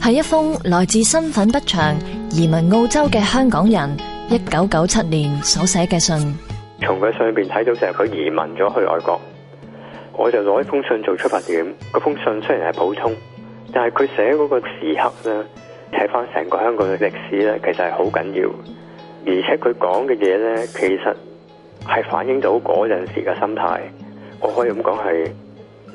係一封來自身份不詳移民澳洲嘅香港人一九九七年所寫嘅信。從佢上邊睇到成日佢移民咗去外國，我就攞呢封信做出發點。封信雖然係普通，但係佢寫嗰個時刻咧，睇翻成個香港嘅歷史咧，其實係好緊要。而且佢講嘅嘢咧，其實係反映到嗰陣時嘅心態。我可以咁講，係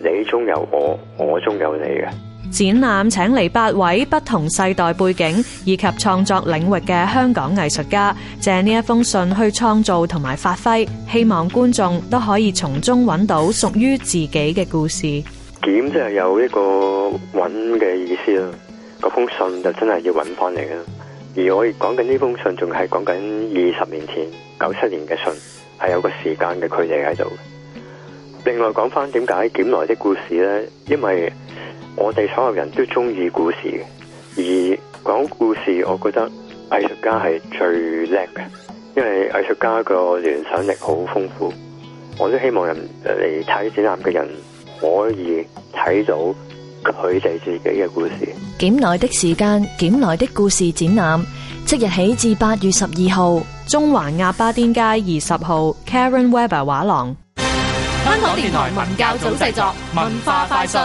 你中有我，我中有你嘅。展覽請嚟八位不同世代背景以及創作領域嘅香港藝術家，借呢一封信去創造同埋發揮，希望觀眾都可以從中搵到屬於自己嘅故事。撿就係有一個搵嘅意思啦，嗰封信就真係要搵翻嚟嘅。而我講緊呢封信，仲係講緊二十年前九七年嘅信，係有個時間嘅距離喺度。另外講翻點解撿來的故事呢，因為。我哋所有人都中意故事，而講故事，我覺得藝術家係最叻嘅，因為藝術家個聯想力好豐富。我都希望人嚟睇展覽嘅人可以睇到佢哋自己嘅故事。撿來的時間，撿來的故事展覽，即日起至八月十二號，中環亞巴甸街二十號 Karen Weber 畫廊。香港電台文教組製作，文化快訊。